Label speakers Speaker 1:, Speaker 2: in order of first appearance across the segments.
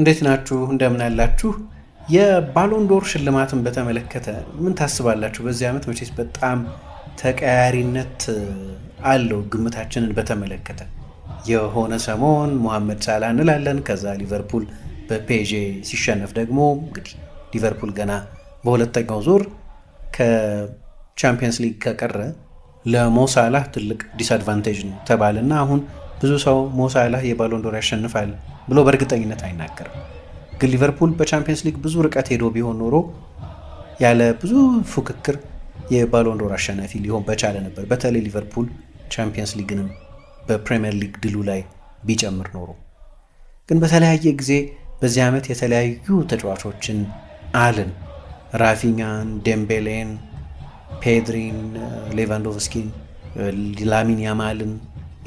Speaker 1: እንዴት ናችሁ? እንደምን አላችሁ? የባሎንዶር ሽልማትን በተመለከተ ምን ታስባላችሁ? በዚህ ዓመት መቼስ በጣም ተቀያሪነት አለው። ግምታችንን በተመለከተ የሆነ ሰሞን ሙሐመድ ሳላ እንላለን። ከዛ ሊቨርፑል በፔዤ ሲሸነፍ ደግሞ እንግዲህ ሊቨርፑል ገና በሁለተኛው ዙር ከቻምፒየንስ ሊግ ከቀረ ለሞሳላ ትልቅ ዲስአድቫንቴጅ ነው ተባለና አሁን ብዙ ሰው ሞሳላህ የባሎንዶር ያሸንፋል ብሎ በእርግጠኝነት አይናገርም። ግን ሊቨርፑል በቻምፒየንስ ሊግ ብዙ ርቀት ሄዶ ቢሆን ኖሮ ያለ ብዙ ፉክክር የባሎንዶር አሸናፊ ሊሆን በቻለ ነበር። በተለይ ሊቨርፑል ቻምፒየንስ ሊግንም በፕሪምየር ሊግ ድሉ ላይ ቢጨምር ኖሮ ግን በተለያየ ጊዜ በዚህ ዓመት የተለያዩ ተጫዋቾችን አልን ራፊኛን፣ ዴምቤሌን፣ ፔድሪን፣ ሌቫንዶቭስኪን፣ ላሚን ያማልን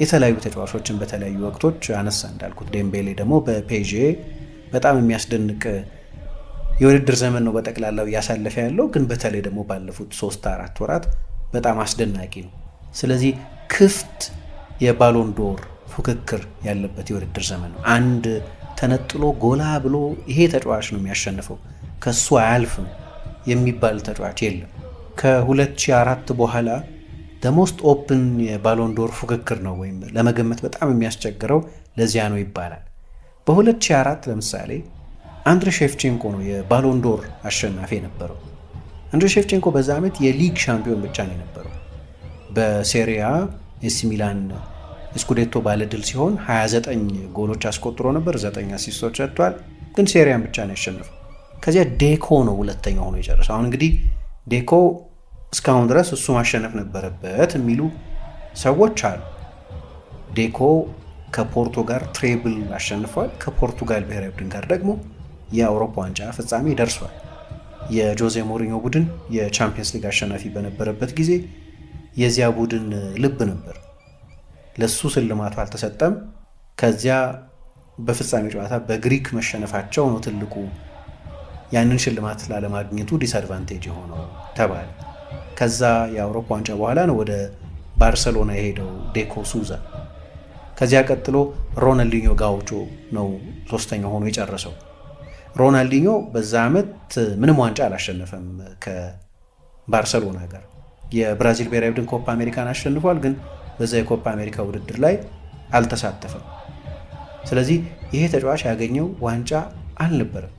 Speaker 1: የተለያዩ ተጫዋቾችን በተለያዩ ወቅቶች አነሳ እንዳልኩት ዴምቤሌ ደግሞ በፔዤ በጣም የሚያስደንቅ የውድድር ዘመን ነው በጠቅላላው እያሳለፈ ያለው ግን በተለይ ደግሞ ባለፉት ሶስት አራት ወራት በጣም አስደናቂ ነው። ስለዚህ ክፍት የባሎንዶር ፉክክር ያለበት የውድድር ዘመን ነው። አንድ ተነጥሎ ጎላ ብሎ ይሄ ተጫዋች ነው የሚያሸንፈው ከሱ አያልፍም የሚባል ተጫዋች የለም። ከ2004 በኋላ ደሞስት ኦፕን የባሎንዶር ፉክክር ነው ወይም ለመገመት በጣም የሚያስቸግረው ለዚያ ነው ይባላል። በ2004 ለምሳሌ አንድሬ ሼፍቼንኮ ነው የባሎንዶር አሸናፊ የነበረው። አንድሬ ሼፍቼንኮ በዛ ዓመት የሊግ ሻምፒዮን ብቻ ነው የነበረው። በሴሪያ ኤሲ ሚላን ስኩዴቶ ባለድል ሲሆን 29 ጎሎች አስቆጥሮ ነበር፣ 9 አሲስቶች ሰጥቷል። ግን ሴሪያን ብቻ ነው ያሸነፈው። ከዚያ ዴኮ ነው ሁለተኛ ሆኖ የጨረሰው። አሁን እንግዲህ ዴኮ እስካሁን ድረስ እሱ ማሸነፍ ነበረበት የሚሉ ሰዎች አሉ። ዴኮ ከፖርቶ ጋር ትሬብል አሸንፏል። ከፖርቱጋል ብሔራዊ ቡድን ጋር ደግሞ የአውሮፓ ዋንጫ ፍጻሜ ደርሷል። የጆዜ ሞሪኞ ቡድን የቻምፒየንስ ሊግ አሸናፊ በነበረበት ጊዜ የዚያ ቡድን ልብ ነበር። ለሱ ስልማቱ አልተሰጠም። ከዚያ በፍጻሜ ጨዋታ በግሪክ መሸነፋቸው ነው ትልቁ ያንን ሽልማት ላለማግኘቱ ዲስአድቫንቴጅ የሆነው ተባለ። ከዛ የአውሮፓ ዋንጫ በኋላ ነው ወደ ባርሰሎና የሄደው ዴኮ ሱዛ። ከዚያ ቀጥሎ ሮናልዲኞ ጋውቾ ነው ሶስተኛ ሆኖ የጨረሰው። ሮናልዲኞ በዛ ዓመት ምንም ዋንጫ አላሸነፈም ከባርሰሎና ጋር። የብራዚል ብሔራዊ ቡድን ኮፓ አሜሪካን አሸንፏል፣ ግን በዛ የኮፓ አሜሪካ ውድድር ላይ አልተሳተፈም። ስለዚህ ይሄ ተጫዋች ያገኘው ዋንጫ አልነበረም።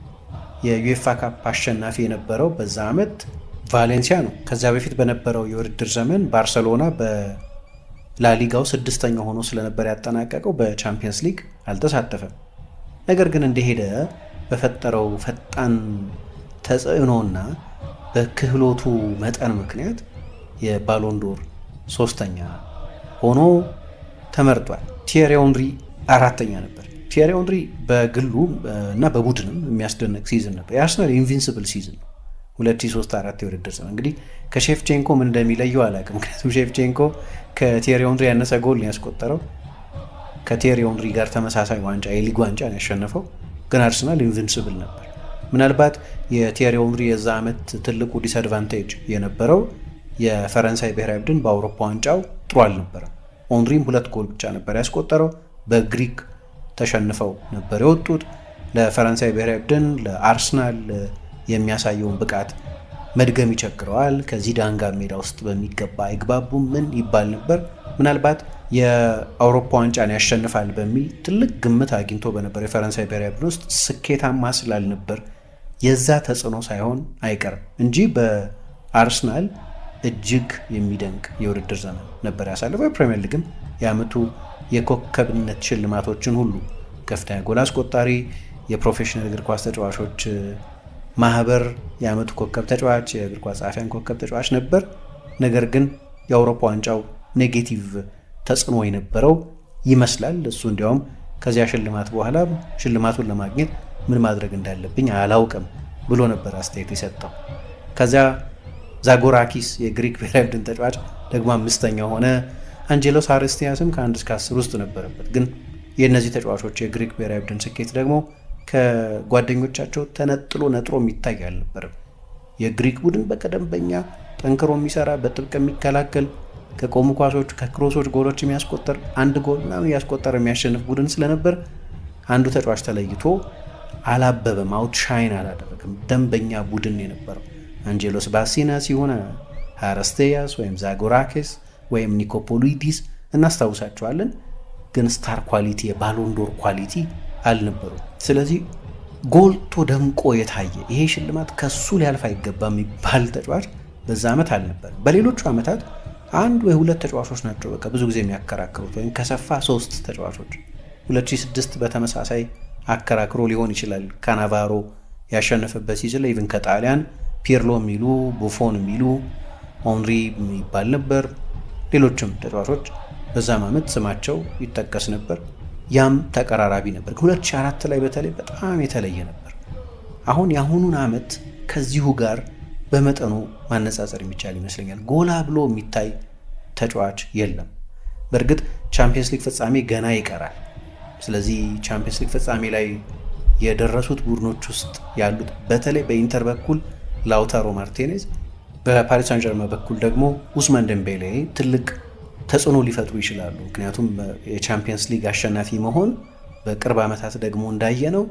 Speaker 1: የዩኤፋ ካፕ አሸናፊ የነበረው በዛ ዓመት ቫሌንሲያ ነው። ከዚያ በፊት በነበረው የውድድር ዘመን ባርሰሎና በላሊጋው ስድስተኛ ሆኖ ስለነበር ያጠናቀቀው በቻምፒየንስ ሊግ አልተሳተፈም። ነገር ግን እንደሄደ በፈጠረው ፈጣን ተጽዕኖና በክህሎቱ መጠን ምክንያት የባሎንዶር ሶስተኛ ሆኖ ተመርጧል። ቲየሪ ኦንሪ አራተኛ ነበር። ቲየሪ ኦንሪ በግሉ እና በቡድንም የሚያስደንቅ ሲዝን ነበር። የአርሰናል ኢንቪንሲብል ሲዝን ነው። ሁለት ሺ የውድድር ዘመን እንግዲህ ከሼፍቼንኮ ምን እንደሚለየው አላውቅም። ምክንያቱም ሼፍቼንኮ ከቴሪ ኦንሪ ያነሰ ጎል ነው ያስቆጠረው። ከቴሪ ኦንሪ ጋር ተመሳሳይ ዋንጫ የሊግ ዋንጫ ነው ያሸነፈው። ግን አርሰናል ኢንቪንስብል ነበር። ምናልባት የቴሪ ኦንሪ የዛ ዓመት ትልቁ ዲስአድቫንቴጅ የነበረው የፈረንሳይ ብሔራዊ ቡድን በአውሮፓ ዋንጫው ጥሩ አልነበረም። ኦንሪም ሁለት ጎል ብቻ ነበር ያስቆጠረው። በግሪክ ተሸንፈው ነበር የወጡት። ለፈረንሳይ ብሔራዊ ቡድን ለአርሰናል የሚያሳየውን ብቃት መድገም ይቸግረዋል። ከዚዳን ጋር ሜዳ ውስጥ በሚገባ አይግባቡም። ምን ይባል ነበር? ምናልባት የአውሮፓ ዋንጫን ያሸንፋል በሚል ትልቅ ግምት አግኝቶ በነበር የፈረንሳይ ብሔራዊ ቡድን ውስጥ ስኬታማ ስላልነበር የዛ ተጽዕኖ ሳይሆን አይቀርም እንጂ በአርሰናል እጅግ የሚደንቅ የውድድር ዘመን ነበር ያሳለፈው። የፕሪምየር ሊግም የአመቱ የኮከብነት ሽልማቶችን ሁሉ ከፍተኛ ጎል አስቆጣሪ፣ የፕሮፌሽናል እግር ኳስ ተጫዋቾች ማህበር የአመቱ ኮከብ ተጫዋች፣ የእግር ኳስ ጸሐፊያን ኮከብ ተጫዋች ነበር። ነገር ግን የአውሮፓ ዋንጫው ኔጌቲቭ ተጽዕኖ የነበረው ይመስላል። እሱ እንዲያውም ከዚያ ሽልማት በኋላ ሽልማቱን ለማግኘት ምን ማድረግ እንዳለብኝ አላውቅም ብሎ ነበር አስተያየት የሰጠው። ከዚያ ዛጎራኪስ የግሪክ ብሔራዊ ቡድን ተጫዋች ደግሞ አምስተኛ ሆነ። አንጀሎስ አርስቲያስም ከአንድ እስከ አስር ውስጥ ነበረበት። ግን የእነዚህ ተጫዋቾች የግሪክ ብሔራዊ ቡድን ስኬት ደግሞ ከጓደኞቻቸው ተነጥሎ ነጥሮ የሚታይ አልነበርም። የግሪክ ቡድን በቀደንበኛ ጠንክሮ የሚሰራ በጥብቅ የሚከላከል ከቆሙ ኳሶች ከክሮሶች ጎሎች የሚያስቆጠር አንድ ጎል ምናምን እያስቆጠረ የሚያሸንፍ ቡድን ስለነበር አንዱ ተጫዋች ተለይቶ አላበበም፣ አውት ሻይን አላደረግም። ደንበኛ ቡድን የነበረው አንጀሎስ ባሲና ሲሆን ሃረስቴያስ ወይም ዛጎራኬስ ወይም ኒኮፖሊዲስ እናስታውሳቸዋለን። ግን ስታር ኳሊቲ የባሎንዶር ኳሊቲ አልነበሩም። ስለዚህ ጎልቶ ደምቆ የታየ ይሄ ሽልማት ከሱ ሊያልፍ አይገባም የሚባል ተጫዋች በዛ ዓመት አልነበርም። በሌሎቹ ዓመታት አንድ ወይ ሁለት ተጫዋቾች ናቸው በቃ ብዙ ጊዜ የሚያከራክሩት ወይም ከሰፋ ሶስት ተጫዋቾች 2006 በተመሳሳይ አከራክሮ ሊሆን ይችላል። ካናቫሮ ያሸነፈበት ሲዝን ኢቭን ከጣሊያን ፒርሎ የሚሉ ቡፎን የሚሉ ኦንሪ የሚባል ነበር። ሌሎችም ተጫዋቾች በዛም ዓመት ስማቸው ይጠቀስ ነበር። ያም ተቀራራቢ ነበር። 2004 ላይ በተለይ በጣም የተለየ ነበር። አሁን የአሁኑን ዓመት ከዚሁ ጋር በመጠኑ ማነጻጸር የሚቻል ይመስለኛል። ጎላ ብሎ የሚታይ ተጫዋች የለም። በእርግጥ ቻምፒየንስ ሊግ ፍጻሜ ገና ይቀራል። ስለዚህ ቻምፒየንስ ሊግ ፍጻሜ ላይ የደረሱት ቡድኖች ውስጥ ያሉት በተለይ በኢንተር በኩል ላውታሮ ማርቴኔዝ፣ በፓሪስ ሳን በኩል ደግሞ ኡስማን ደምቤሌ ትልቅ ተጽዕኖ ሊፈጥሩ ይችላሉ። ምክንያቱም የቻምፒየንስ ሊግ አሸናፊ መሆን በቅርብ ዓመታት ደግሞ እንዳየነው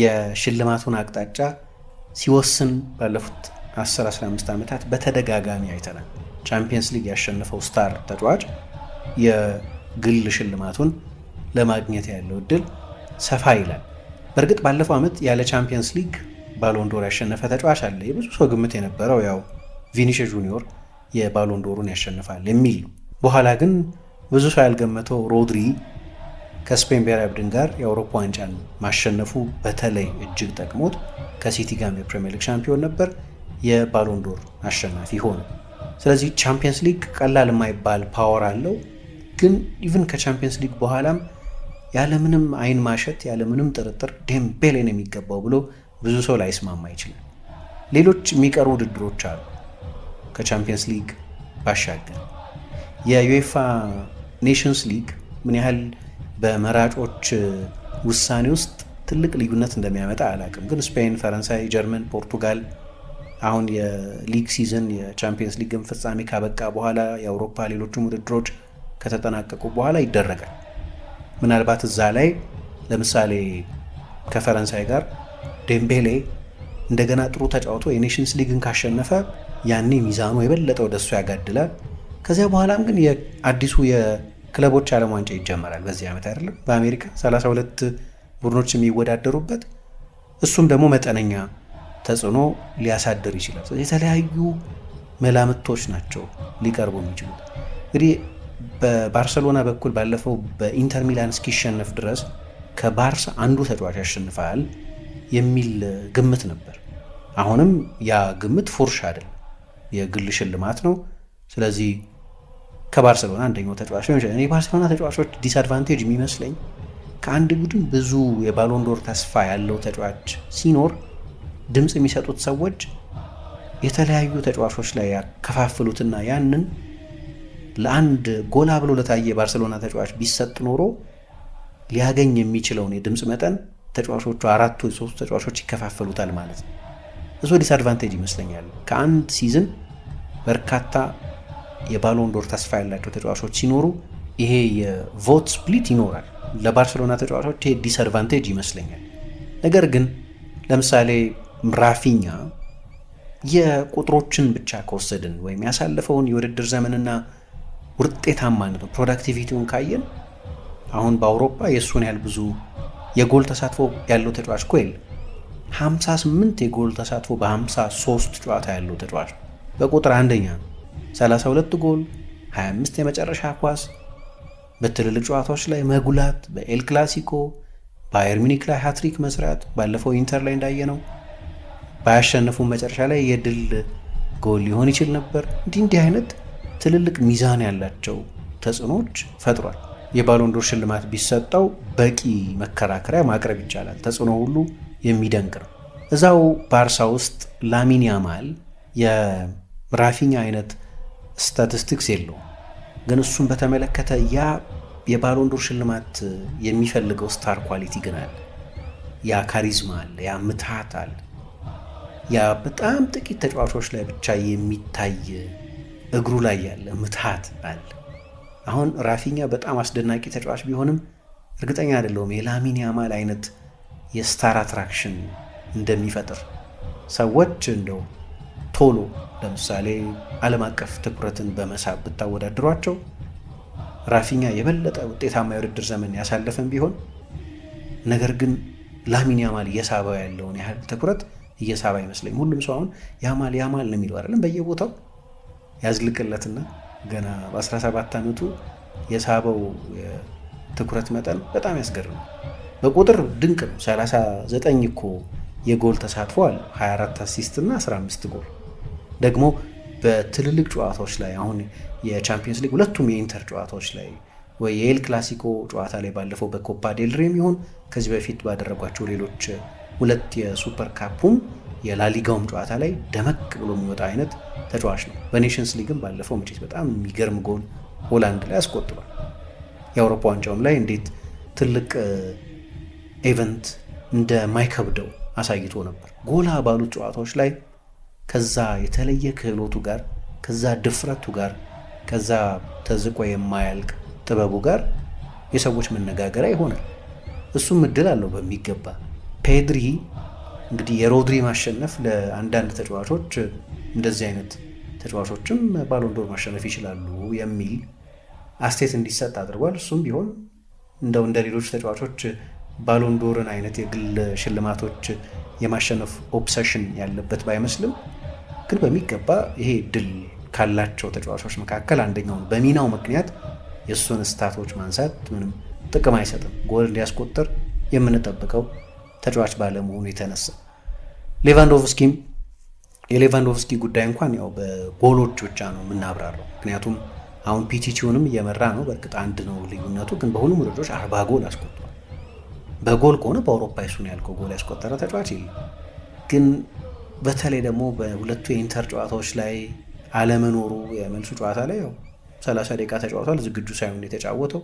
Speaker 1: የሽልማቱን አቅጣጫ ሲወስን ባለፉት 10-15 ዓመታት በተደጋጋሚ አይተናል። ቻምፒየንስ ሊግ ያሸነፈው ስታር ተጫዋች የግል ሽልማቱን ለማግኘት ያለው እድል ሰፋ ይላል። በእርግጥ ባለፈው ዓመት ያለ ቻምፒየንስ ሊግ ባሎንዶር ያሸነፈ ተጫዋች አለ። የብዙ ሰው ግምት የነበረው ያው ቪኒሽ ጁኒዮር የባሎንዶሩን ያሸንፋል የሚል ነው። በኋላ ግን ብዙ ሰው ያልገመተው ሮድሪ ከስፔን ብሔራዊ ቡድን ጋር የአውሮፓ ዋንጫን ማሸነፉ በተለይ እጅግ ጠቅሞት ከሲቲ ጋርም የፕሪሚየር ሊግ ሻምፒዮን ነበር፣ የባሎንዶር አሸናፊ ሆነ። ስለዚህ ቻምፒየንስ ሊግ ቀላል የማይባል ፓወር አለው። ግን ኢቭን ከቻምፒየንስ ሊግ በኋላም ያለምንም አይን ማሸት ያለምንም ጥርጥር ዴምቤሌን የሚገባው ብሎ ብዙ ሰው ላይስማማ ይችላል። ሌሎች የሚቀሩ ውድድሮች አሉ ከቻምፒየንስ ሊግ ባሻገር የዩኤፋ ኔሽንስ ሊግ ምን ያህል በመራጮች ውሳኔ ውስጥ ትልቅ ልዩነት እንደሚያመጣ አላቅም፣ ግን ስፔን፣ ፈረንሳይ፣ ጀርመን፣ ፖርቱጋል አሁን የሊግ ሲዝን የቻምፒየንስ ሊግን ፍጻሜ ካበቃ በኋላ የአውሮፓ ሌሎችም ውድድሮች ከተጠናቀቁ በኋላ ይደረጋል። ምናልባት እዛ ላይ ለምሳሌ ከፈረንሳይ ጋር ዴምቤሌ እንደገና ጥሩ ተጫውቶ የኔሽንስ ሊግን ካሸነፈ ያኔ ሚዛኑ የበለጠ ወደሱ ያጋድላል። ከዚያ በኋላም ግን አዲሱ የክለቦች ዓለም ዋንጫ ይጀመራል በዚህ ዓመት አይደለም በአሜሪካ 32 ቡድኖች የሚወዳደሩበት እሱም ደግሞ መጠነኛ ተጽዕኖ ሊያሳድር ይችላል። የተለያዩ መላምቶች ናቸው ሊቀርቡ የሚችሉት። እንግዲህ በባርሰሎና በኩል ባለፈው በኢንተር ሚላን እስኪሸነፍ ድረስ ከባርስ አንዱ ተጫዋች ያሸንፋል የሚል ግምት ነበር። አሁንም ያ ግምት ፉርሽ አይደለም፣ የግል ሽልማት ነው። ስለዚህ ከባርሰሎና አንደኛው ተጫዋች ሊሆን ይችላል። የባርሴሎና ተጫዋቾች ዲስአድቫንቴጅ የሚመስለኝ ከአንድ ቡድን ብዙ የባሎንዶር ተስፋ ያለው ተጫዋች ሲኖር ድምፅ የሚሰጡት ሰዎች የተለያዩ ተጫዋቾች ላይ ያከፋፍሉትና ያንን ለአንድ ጎላ ብሎ ለታየ ባርሰሎና ተጫዋች ቢሰጥ ኖሮ ሊያገኝ የሚችለውን የድምፅ መጠን ተጫዋቾቹ አራቱ የሶስቱ ተጫዋቾች ይከፋፈሉታል ማለት ነው። እሱ ዲስአድቫንቴጅ ይመስለኛል ከአንድ ሲዝን በርካታ የባሎንዶር ተስፋ ያላቸው ተጫዋቾች ሲኖሩ ይሄ የቮት ስፕሊት ይኖራል። ለባርሴሎና ተጫዋቾች ይሄ ዲስአድቫንቴጅ ይመስለኛል። ነገር ግን ለምሳሌ ራፊኛ የቁጥሮችን ብቻ ከወሰድን ወይም ያሳለፈውን የውድድር ዘመንና ውጤታማነት ፕሮዳክቲቪቲውን ካየን አሁን በአውሮፓ የእሱን ያህል ብዙ የጎል ተሳትፎ ያለው ተጫዋች እኮ 58 የጎል ተሳትፎ በ53 ጨዋታ ያለው ተጫዋች በቁጥር አንደኛ ነው። 32 ጎል፣ 25 የመጨረሻ ኳስ በትልልቅ ጨዋታዎች ላይ መጉላት፣ በኤል ክላሲኮ ባየር ሚኒክ ላይ ሃትሪክ መስራት፣ ባለፈው ኢንተር ላይ እንዳየነው ባያሸነፉ መጨረሻ ላይ የድል ጎል ሊሆን ይችል ነበር። እንዲህ እንዲህ አይነት ትልልቅ ሚዛን ያላቸው ተጽዕኖዎች ፈጥሯል። የባሎንዶር ሽልማት ቢሰጠው በቂ መከራከሪያ ማቅረብ ይቻላል። ተጽዕኖ ሁሉ የሚደንቅ ነው። እዛው ባርሳ ውስጥ ላሚን ያማል የራፊኛ አይነት ስታቲስቲክስ የለውም። ግን እሱን በተመለከተ ያ የባሎንዶር ሽልማት የሚፈልገው ስታር ኳሊቲ ግን አለ። ያ ካሪዝማ አለ፣ ያ ምትሃት አለ፣ ያ በጣም ጥቂት ተጫዋቾች ላይ ብቻ የሚታይ እግሩ ላይ ያለ ምትሃት አለ። አሁን ራፊኛ በጣም አስደናቂ ተጫዋች ቢሆንም እርግጠኛ አይደለውም የላሚን ያማል አይነት የስታር አትራክሽን እንደሚፈጥር ሰዎች እንደው ቶሎ ለምሳሌ ዓለም አቀፍ ትኩረትን በመሳብ ብታወዳድሯቸው ራፊኛ የበለጠ ውጤታማ የውድድር ዘመን ያሳለፈን ቢሆን ነገር ግን ላሚን ያማል እየሳበው ያለውን ያህል ትኩረት እየሳበ አይመስለኝም። ሁሉም ሰው አሁን ያማል ያማል ነው የሚለው አይደለም። በየቦታው ያዝልቅለትና ገና በ17 ዓመቱ የሳበው ትኩረት መጠን በጣም ያስገርም። በቁጥር ድንቅ ነው። 39 እኮ የጎል ተሳትፎ አለ፣ 24 አሲስት እና 15 ጎል ደግሞ በትልልቅ ጨዋታዎች ላይ አሁን የቻምፒየንስ ሊግ ሁለቱም የኢንተር ጨዋታዎች ላይ ወይ የኤል ክላሲኮ ጨዋታ ላይ ባለፈው በኮፓ ዴልሬም ይሁን ከዚህ በፊት ባደረጓቸው ሌሎች ሁለት የሱፐር ካፑም የላሊጋውም ጨዋታ ላይ ደመቅ ብሎ የሚወጣ አይነት ተጫዋች ነው። በኔሽንስ ሊግም ባለፈው መቼት በጣም የሚገርም ጎል ሆላንድ ላይ አስቆጥሯል። የአውሮፓ ዋንጫውም ላይ እንዴት ትልቅ እንደ እንደማይከብደው አሳይቶ ነበር። ጎላ ባሉት ጨዋታዎች ላይ ከዛ የተለየ ክህሎቱ ጋር ከዛ ድፍረቱ ጋር ከዛ ተዝቆ የማያልቅ ጥበቡ ጋር የሰዎች መነጋገሪያ ይሆናል። እሱም እድል አለው በሚገባ ፔድሪ እንግዲህ የሮድሪ ማሸነፍ ለአንዳንድ ተጫዋቾች እንደዚህ አይነት ተጫዋቾችም ባሎንዶር ማሸነፍ ይችላሉ የሚል አስቴት እንዲሰጥ አድርጓል። እሱም ቢሆን እንደው እንደ ሌሎች ተጫዋቾች ባሎንዶርን አይነት የግል ሽልማቶች የማሸነፍ ኦብሰሽን ያለበት ባይመስልም ግን በሚገባ ይሄ ድል ካላቸው ተጫዋቾች መካከል አንደኛው በሚናው ምክንያት የእሱን ስታቶች ማንሳት ምንም ጥቅም አይሰጥም። ጎል እንዲያስቆጥር የምንጠብቀው ተጫዋች ባለመሆኑ የተነሳ ሌቫንዶቭስኪም የሌቫንዶቭስኪ ጉዳይ እንኳን ያው በጎሎች ብቻ ነው የምናብራረው። ምክንያቱም አሁን ፒቲቺውንም እየመራ ነው። በእርግጥ አንድ ነው ልዩነቱ፣ ግን በሁሉም ውድድሮች አርባ ጎል አስቆጥሯል። በጎል ከሆነ በአውሮፓ እሱን ያልከው ጎል ያስቆጠረ ተጫዋች የለም ግን በተለይ ደግሞ በሁለቱ የኢንተር ጨዋታዎች ላይ አለመኖሩ የመልሱ ጨዋታ ላይ ያው 30 ደቂቃ ተጫውቷል። ዝግጁ ሳይሆን የተጫወተው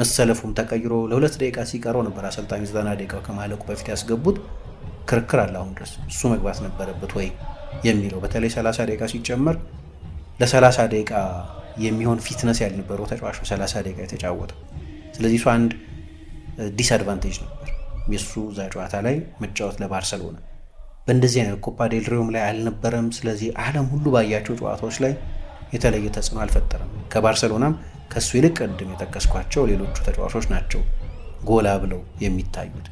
Speaker 1: መሰለፉም ተቀይሮ ለሁለት ደቂቃ ሲቀረው ነበር አሰልጣኝ ዘጠና ደቂቃ ከማለቁ በፊት ያስገቡት። ክርክር አለ አሁን ድረስ እሱ መግባት ነበረበት ወይ የሚለው በተለይ 30 ደቂቃ ሲጨመር ለ30 ደቂቃ የሚሆን ፊትነስ ያልነበረው ተጫዋች 30 ደቂቃ የተጫወተው። ስለዚህ እሱ አንድ ዲስአድቫንቴጅ ነበር የእሱ እዛ ጨዋታ ላይ መጫወት ለባርሰሎና በእንደዚህ አይነት ኮፓ ዴል ላይ አልነበረም። ስለዚህ ዓለም ሁሉ ባያቸው ጨዋታዎች ላይ የተለየ ተጽዕኖ አልፈጠረም። ከባርሰሎናም ከእሱ ይልቅ ቅድም የጠቀስኳቸው ሌሎቹ ተጫዋቾች ናቸው ጎላ ብለው የሚታዩት።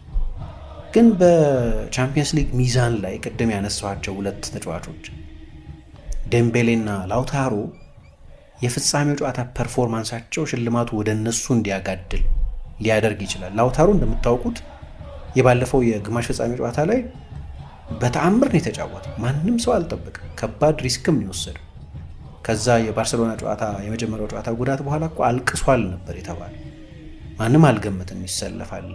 Speaker 1: ግን በቻምፒየንስ ሊግ ሚዛን ላይ ቅድም ያነሳኋቸው ሁለት ተጫዋቾች ደምቤሌና ላውታሮ የፍጻሜው ጨዋታ ፐርፎርማንሳቸው ሽልማቱ ወደ እነሱ እንዲያጋድል ሊያደርግ ይችላል። ላውታሮ እንደምታውቁት የባለፈው የግማሽ ፍጻሜ ጨዋታ ላይ በተአምር ነው የተጫወተው። ማንም ሰው አልጠበቅም። ከባድ ሪስክም ነው የወሰደው። ከዛ የባርሰሎና ጨዋታ የመጀመሪያው ጨዋታ ጉዳት በኋላ እኮ አልቅሷል ነበር የተባለ። ማንም አልገመትም ይሰለፋል፣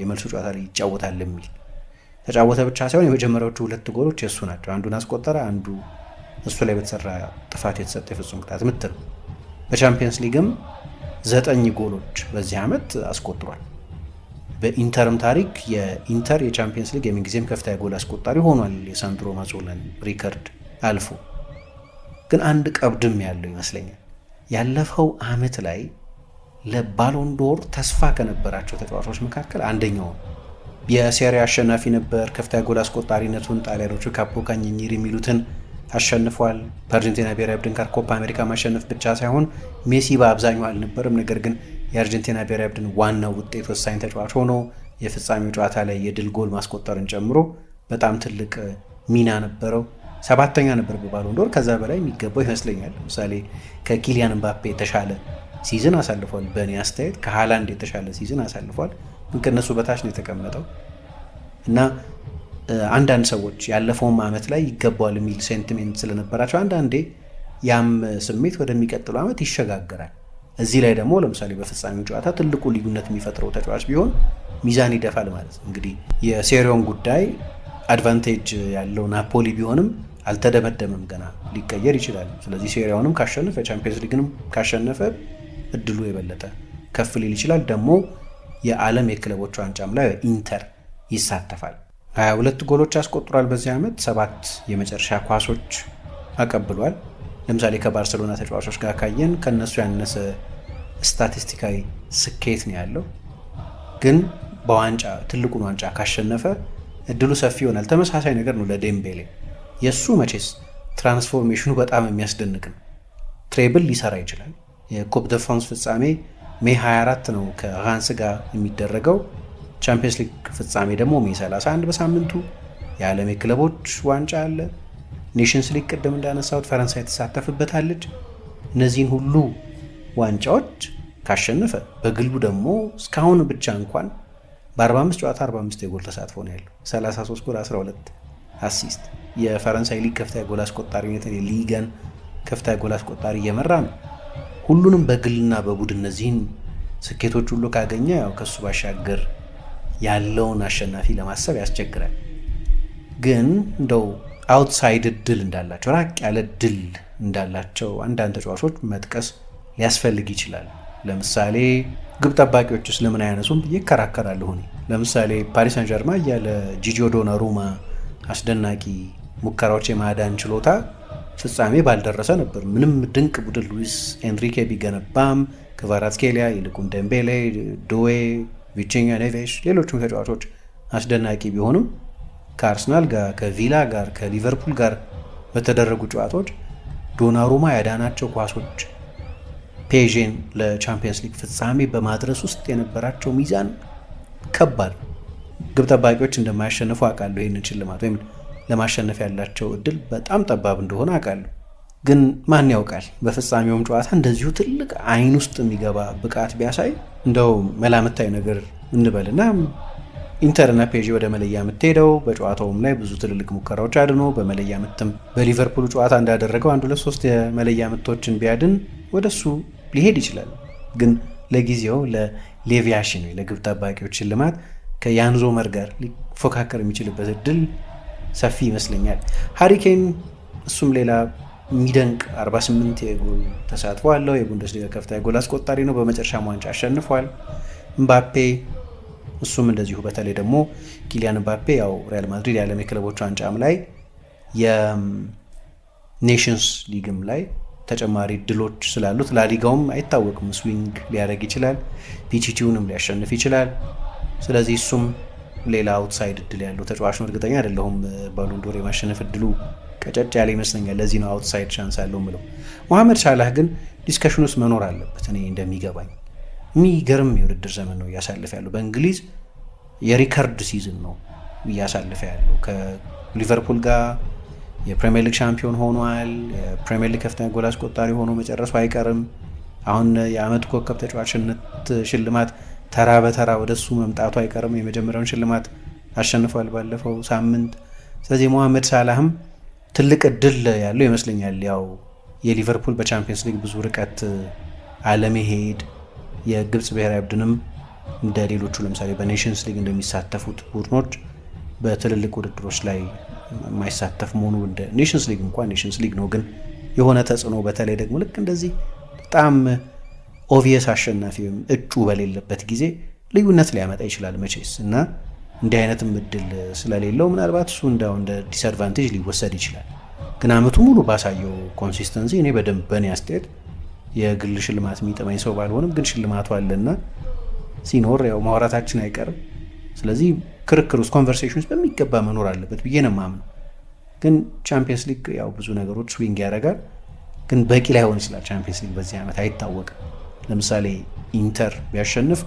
Speaker 1: የመልሱ ጨዋታ ላይ ይጫወታል የሚል ተጫወተ ብቻ ሳይሆን የመጀመሪያዎቹ ሁለት ጎሎች የእሱ ናቸው። አንዱን አስቆጠረ፣ አንዱ እሱ ላይ በተሰራ ጥፋት የተሰጠ የፍጹም ቅጣት ምት ነው። በቻምፒየንስ ሊግም ዘጠኝ ጎሎች በዚህ ዓመት አስቆጥሯል። በኢንተርም ታሪክ የኢንተር የቻምፒየንስ ሊግ የምንጊዜም ከፍተኛ ጎል አስቆጣሪ ሆኗል። የሳንድሮ ማዞለን ሪከርድ አልፎ ግን አንድ ቀብድም ያለው ይመስለኛል። ያለፈው አመት ላይ ለባሎንዶር ተስፋ ከነበራቸው ተጫዋቾች መካከል አንደኛው የሴሪ አሸናፊ ነበር። ከፍተኛ ጎል አስቆጣሪነቱን ጣሊያኖቹ ካፖ ካኝኚር የሚሉትን አሸንፏል። በአርጀንቲና ብሔራዊ ቡድን ጋር ኮፓ አሜሪካ ማሸነፍ ብቻ ሳይሆን ሜሲ በአብዛኛው አልነበርም፣ ነገር ግን የአርጀንቲና ብሔራዊ ቡድን ዋናው ውጤት ወሳኝ ተጫዋች ሆኖ የፍጻሜው ጨዋታ ላይ የድል ጎል ማስቆጠርን ጨምሮ በጣም ትልቅ ሚና ነበረው። ሰባተኛ ነበር በባሎን ከዛ በላይ የሚገባው ይመስለኛል። ለምሳሌ ከኪሊያን ምባፔ የተሻለ ሲዝን አሳልፏል። በእኔ አስተያየት ከሃላንድ የተሻለ ሲዝን አሳልፏል። ከእነሱ በታች ነው የተቀመጠው እና አንዳንድ ሰዎች ያለፈውም ዓመት ላይ ይገባዋል የሚል ሴንቲሜንት ስለነበራቸው አንዳንዴ ያም ስሜት ወደሚቀጥለው ዓመት ይሸጋገራል። እዚህ ላይ ደግሞ ለምሳሌ በፍጻሜው ጨዋታ ትልቁ ልዩነት የሚፈጥረው ተጫዋች ቢሆን ሚዛን ይደፋል ማለት ነው። እንግዲህ የሴሪዮን ጉዳይ አድቫንቴጅ ያለው ናፖሊ ቢሆንም አልተደመደመም፣ ገና ሊቀየር ይችላል። ስለዚህ ሴሪያውንም ካሸነፈ ቻምፒየንስ ሊግንም ካሸነፈ እድሉ የበለጠ ከፍ ሊል ይችላል። ደግሞ የዓለም የክለቦች ዋንጫም ላይ ኢንተር ይሳተፋል። ሁለት ጎሎች አስቆጥሯል። በዚህ ዓመት ሰባት የመጨረሻ ኳሶች አቀብሏል። ለምሳሌ ከባርሰሎና ተጫዋቾች ጋር ካየን ከነሱ ያነሰ ስታቲስቲካዊ ስኬት ነው ያለው። ግን በዋንጫ ትልቁን ዋንጫ ካሸነፈ እድሉ ሰፊ ይሆናል። ተመሳሳይ ነገር ነው ለዴምቤሌ። የእሱ መቼስ ትራንስፎርሜሽኑ በጣም የሚያስደንቅ ነው። ትሬብል ሊሰራ ይችላል። የኮፕ ደ ፍራንስ ፍጻሜ ሜ 24 ነው ከራንስ ጋር የሚደረገው። ቻምፒየንስ ሊግ ፍጻሜ ደግሞ ሜ 31 በሳምንቱ። የዓለም የክለቦች ዋንጫ አለ። ኔሽንስ ሊግ ቅድም እንዳነሳሁት ፈረንሳይ ትሳተፍበታለች። እነዚህን ሁሉ ዋንጫዎች ካሸነፈ በግሉ ደግሞ እስካሁን ብቻ እንኳን በ45 ጨዋታ 45 የጎል ተሳትፎ ነው ያለው፣ 33 ጎል 12 አሲስት። የፈረንሳይ ሊግ ከፍታ ጎል ሁኔታ የሊጋን ከፍታ ጎል አስቆጣሪ እየመራ ነው። ሁሉንም በግልና በቡድን እነዚህን ስኬቶች ሁሉ ካገኘ ያው ከሱ ባሻገር ያለውን አሸናፊ ለማሰብ ያስቸግራል ግን እንደው አውትሳይድ እድል እንዳላቸው ራቅ ያለ ድል እንዳላቸው አንዳንድ ተጫዋቾች መጥቀስ ሊያስፈልግ ይችላል። ለምሳሌ ግብ ጠባቂዎች ውስጥ ለምን አያነሱም ብዬ እከራከራለሁ። ለምሳሌ ፓሪስ ጀርማ እያለ ጂጂ ዶናሩማ አስደናቂ ሙከራዎች የማዳን ችሎታ ፍጻሜ ባልደረሰ ነበር። ምንም ድንቅ ቡድን ሉዊስ ኤንሪኬ ቢገነባም ክቫራትስኬሊያ ይልቁን ደምቤሌ፣ ዶዌ፣ ቪቺኛ ኔቬሽ ሌሎቹም ተጫዋቾች አስደናቂ ቢሆንም ከአርሰናል ጋር ከቪላ ጋር ከሊቨርፑል ጋር በተደረጉ ጨዋታዎች ዶናሩማ ያዳናቸው ኳሶች ፔዥን ለቻምፒየንስ ሊግ ፍጻሜ በማድረስ ውስጥ የነበራቸው ሚዛን ከባድ። ግብ ጠባቂዎች እንደማያሸንፉ አውቃለሁ። ይህንን ሽልማት ወይም ለማሸነፍ ያላቸው እድል በጣም ጠባብ እንደሆነ አውቃለሁ። ግን ማን ያውቃል፣ በፍጻሜውም ጨዋታ እንደዚሁ ትልቅ አይን ውስጥ የሚገባ ብቃት ቢያሳይ እንደው መላምታይ ነገር እንበልና ኢንተርና ፔዥ ወደ መለያ የምትሄደው በጨዋታውም ላይ ብዙ ትልልቅ ሙከራዎች አድኖ በመለያ ምትም በሊቨርፑል ጨዋታ እንዳደረገው አንድ ሁለት ሶስት የመለያ ምቶችን ቢያድን ወደሱ ሊሄድ ይችላል። ግን ለጊዜው ለሌቪያሽን ለግብ ጠባቂዎች ሽልማት ከያን ጋር ሊፎካከር የሚችልበት እድል ሰፊ ይመስለኛል። ሃሪኬን እሱም ሌላ የሚደንቅ 48 የጎል ተሳትፎ አለው። የቡንደስሊጋ ከፍታ ጎል አስቆጣሪ ነው። በመጨረሻም ዋንጫ አሸንፏል። እምባፔ እሱም እንደዚሁ በተለይ ደግሞ ኪሊያን ምባፔ ያው ሪያል ማድሪድ የዓለም የክለቦች ዋንጫም ላይ የኔሽንስ ሊግም ላይ ተጨማሪ ድሎች ስላሉት ላሊጋውም አይታወቅም፣ ስዊንግ ሊያደርግ ይችላል፣ ፒቺቲውንም ሊያሸንፍ ይችላል። ስለዚህ እሱም ሌላ አውትሳይድ እድል ያለው ተጫዋች ነው። እርግጠኛ አይደለሁም ባሎንዶር የማሸነፍ እድሉ ቀጨጭ ያለ ይመስለኛል። ለዚህ ነው አውትሳይድ ቻንስ ያለው ምለው። መሐመድ ሳላህ ግን ዲስከሽን ውስጥ መኖር አለበት እኔ እንደሚገባኝ የሚገርም የውድድር ዘመን ነው እያሳልፈ ያለው። በእንግሊዝ የሪከርድ ሲዝን ነው እያሳልፈ ያለው። ከሊቨርፑል ጋር የፕሪሚየር ሊግ ሻምፒዮን ሆኗል። የፕሪሚየር ሊግ ከፍተኛ ጎል አስቆጣሪ ሆኖ መጨረሱ አይቀርም። አሁን የአመቱ ኮከብ ተጫዋችነት ሽልማት ተራ በተራ ወደሱ መምጣቱ አይቀርም። የመጀመሪያውን ሽልማት አሸንፏል ባለፈው ሳምንት። ስለዚህ ሞሐመድ ሳላህም ትልቅ እድል ያለው ይመስለኛል። ያው የሊቨርፑል በቻምፒየንስ ሊግ ብዙ ርቀት አለመሄድ የግብፅ ብሔራዊ ቡድንም እንደ ሌሎቹ ለምሳሌ በኔሽንስ ሊግ እንደሚሳተፉት ቡድኖች በትልልቅ ውድድሮች ላይ የማይሳተፍ መሆኑ ኔሽንስ ሊግ እንኳን ኔሽንስ ሊግ ነው፣ ግን የሆነ ተጽዕኖ በተለይ ደግሞ ልክ እንደዚህ በጣም ኦቪየስ አሸናፊ ወይም እጩ በሌለበት ጊዜ ልዩነት ሊያመጣ ይችላል መቼስ እና እንዲህ አይነትም እድል ስለሌለው ምናልባት እሱ እንዳው እንደ ዲስአድቫንቴጅ ሊወሰድ ይችላል። ግን አመቱ ሙሉ ባሳየው ኮንሲስተንሲ እኔ በደንብ በኔ አስተያየት የግል ሽልማት የሚጠማኝ ሰው ባልሆንም ግን ሽልማቱ አለና ሲኖር ያው ማውራታችን አይቀርም። ስለዚህ ክርክር ውስጥ ኮንቨርሴሽን ውስጥ በሚገባ መኖር አለበት ብዬ ነው ማምነው። ግን ቻምፒየንስ ሊግ ያው ብዙ ነገሮች ስዊንግ ያደርጋል፣ ግን በቂ ላይሆን ይችላል። ቻምፒየንስ ሊግ በዚህ ዓመት አይታወቅም። ለምሳሌ ኢንተር ቢያሸንፍ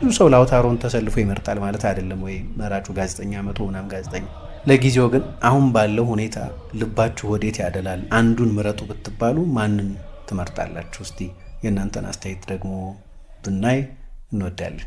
Speaker 1: ብዙ ሰው ላውታሮን ተሰልፎ ይመርጣል ማለት አይደለም፣ ወይ መራጩ ጋዜጠኛ መቶ ምናም ጋዜጠኛ። ለጊዜው ግን አሁን ባለው ሁኔታ ልባችሁ ወዴት ያደላል? አንዱን ምረጡ ብትባሉ ማንን ትመርጣላችሁ? እስቲ የእናንተን አስተያየት ደግሞ ብናይ እንወዳለን።